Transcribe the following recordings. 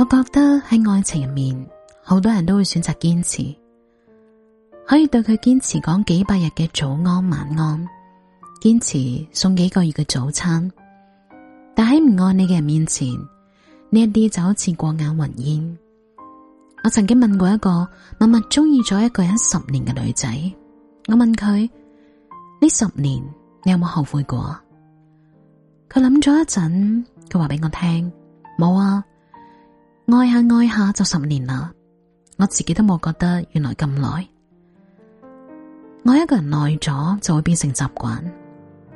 我覺得喺愛情入面，好多人都會選擇堅持，可以對佢堅持講幾百日嘅早安晚安，堅持送幾個月嘅早餐，但喺唔愛你嘅人面前，呢一啲就好似過眼雲煙。我曾經問過一個默默中意咗一個人十年嘅女仔，我問佢：呢十年你有冇後悔過啊？佢諗咗一陣，佢話俾我聽：冇啊。愛下愛下就十年啦，我自己都冇覺得原來咁耐。愛一個人耐咗就會變成習慣，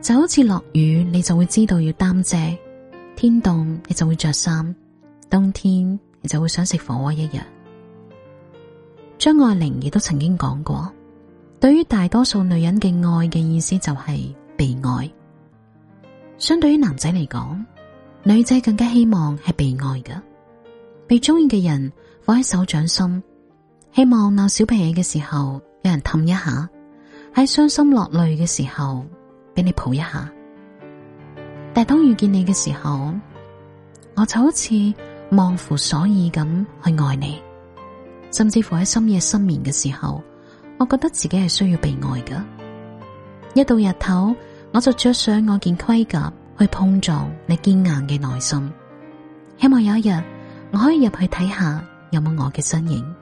就好似落雨你就會知道要擔遮，天凍你就會着衫，冬天你就會想食火鍋一樣。張愛玲亦都曾經講過，對於大多數女人嘅愛嘅意思就係被愛，相對於男仔嚟講，女仔更加希望係被愛㗎。被中意嘅人放喺手掌心，希望鬧小脾氣嘅時候有人氹一下，喺傷心落淚嘅時候俾你抱一下。但係當遇見你嘅時候，我就好似忘乎所以咁去愛你，甚至乎喺深夜失眠嘅時候，我覺得自己係需要被愛㗎。一到日頭，我就着上我件盔甲去碰撞你堅硬嘅內心，希望有一日。我可以入去睇下有冇我嘅身影。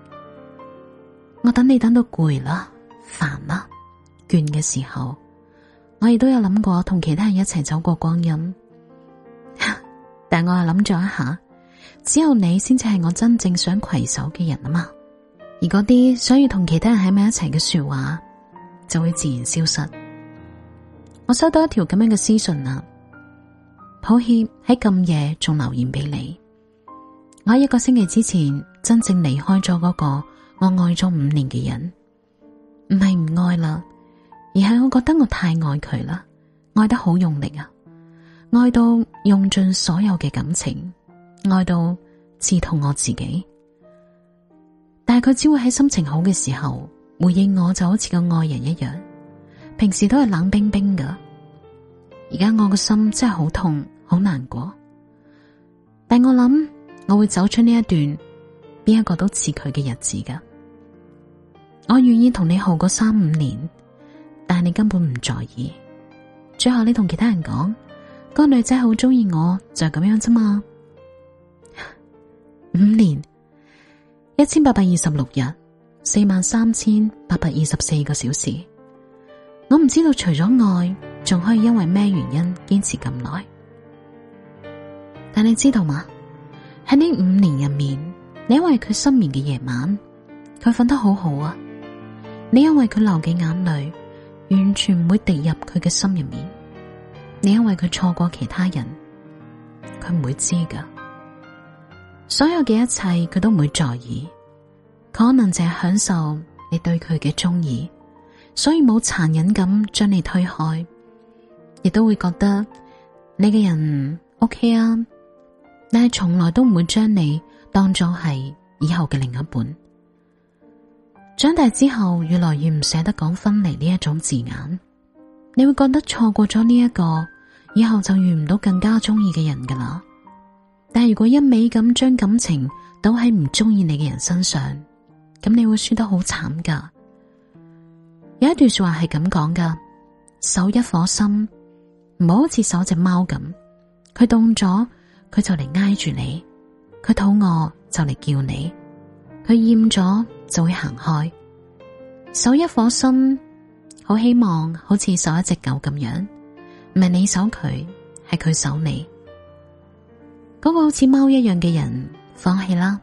我等你等到攰啦、煩啦、倦嘅時候，我亦都有諗過同其他人一齊走過光陰。 但我又諗咗一下，只有你先至係我真正想攜手嘅人啊嘛。而嗰啲想要同其他人喺埋一齊嘅說話，就會自然消失。我收到一條咁樣嘅私信啊，抱歉喺咁夜仲留言俾你。我一個星期之前真正離開咗嗰個我愛咗五年嘅人，唔係唔愛啦，而係我覺得我太愛佢啦，愛得好用力啊，愛到用盡所有嘅感情，愛到刺痛我自己。但係佢只會喺心情好嘅時候回應我，就好似個愛人一樣，平時都係冷冰冰㗎。而家我個心真係好痛，好難過。但我諗。我會走出呢一段，邊一個都似佢嘅日子噶。我願意同你耗過三五年，但係你根本唔在意。最後你同其他人講，個女仔好中意我就係咁樣啫嘛。五年，一千八百二十六日，四萬三千八百二十四個小時。我唔知道除咗愛，仲可以因為咩原因堅持咁耐。但你知道嗎？喺呢五年入面，你因為佢失眠嘅夜晚，佢瞓得好好啊。你因為佢流嘅眼淚，完全唔會滴入佢嘅心入面。你因為佢錯過其他人，佢唔會知噶。所有嘅一切，佢都唔會在意。可能淨係享受你對佢嘅鍾意，所以冇殘忍咁將你推開，亦都會覺得你嘅人 OK 啊。但係從來都唔會將你當作係以後嘅另一半。長大之後，越來越唔捨得講分離呢一種字眼。你會覺得錯過咗呢一個，以後就遇唔到更加中意嘅人噶啦。但係如果一味咁將感情倒喺唔中意你嘅人身上，咁你會輸得好慘噶。有一段話說話係咁講噶：守一顆心，唔好好似守隻貓咁，佢凍咗。佢就嚟挨住你，佢肚餓就嚟叫你，佢厭咗就會行開。守一顆心，好希望好似守一隻狗咁樣，唔係你守佢，係佢守你。嗰個好似貓一樣嘅人，放棄啦。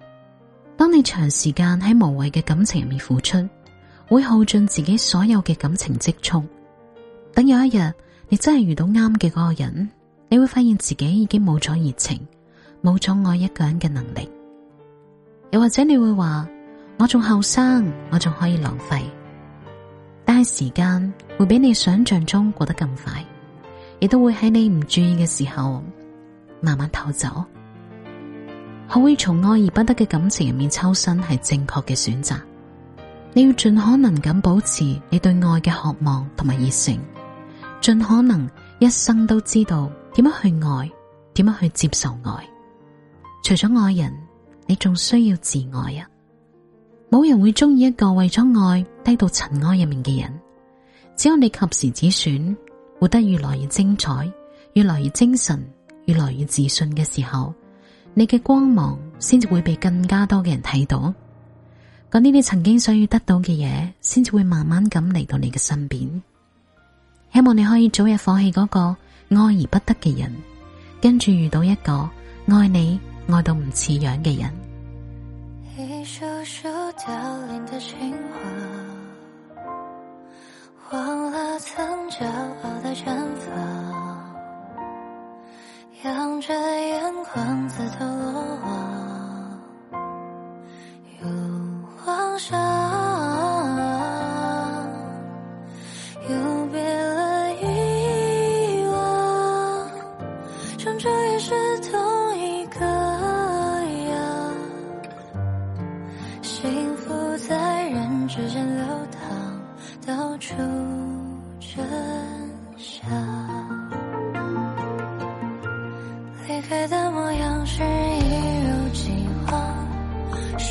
當你長時間喺無謂嘅感情入面付出，會耗盡自己所有嘅感情積蓄。等有一日，你真係遇到啱嘅嗰個人。你會發現自己已經冇咗熱情，冇咗愛一個人嘅能力。又或者你會話我仲後生，我仲可以浪費。但係時間會比你想象中過得更快，亦都會喺你唔注意嘅時候慢慢偷走。可會從愛而不得嘅感情入面抽身係正確嘅選擇。你要盡可能咁保持你對愛嘅渴望同埋熱誠，盡可能一生都知道，點樣去愛？點樣去接受愛？除咗愛人，你仲需要自愛啊！冇人會中意一個為咗愛低到塵埃入面嘅人。只有你及時止損，活得越來越精彩，越來越精神，越來越自信嘅時候，你嘅光芒先至會被更加多嘅人睇到。嗰呢啲你曾經想要得到嘅嘢，先至會慢慢咁嚟到你嘅身邊。希望你可以早日放棄嗰個。愛而不得嘅人，跟住遇到一個愛你愛到唔似樣嘅人。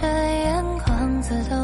這眼眶，自動。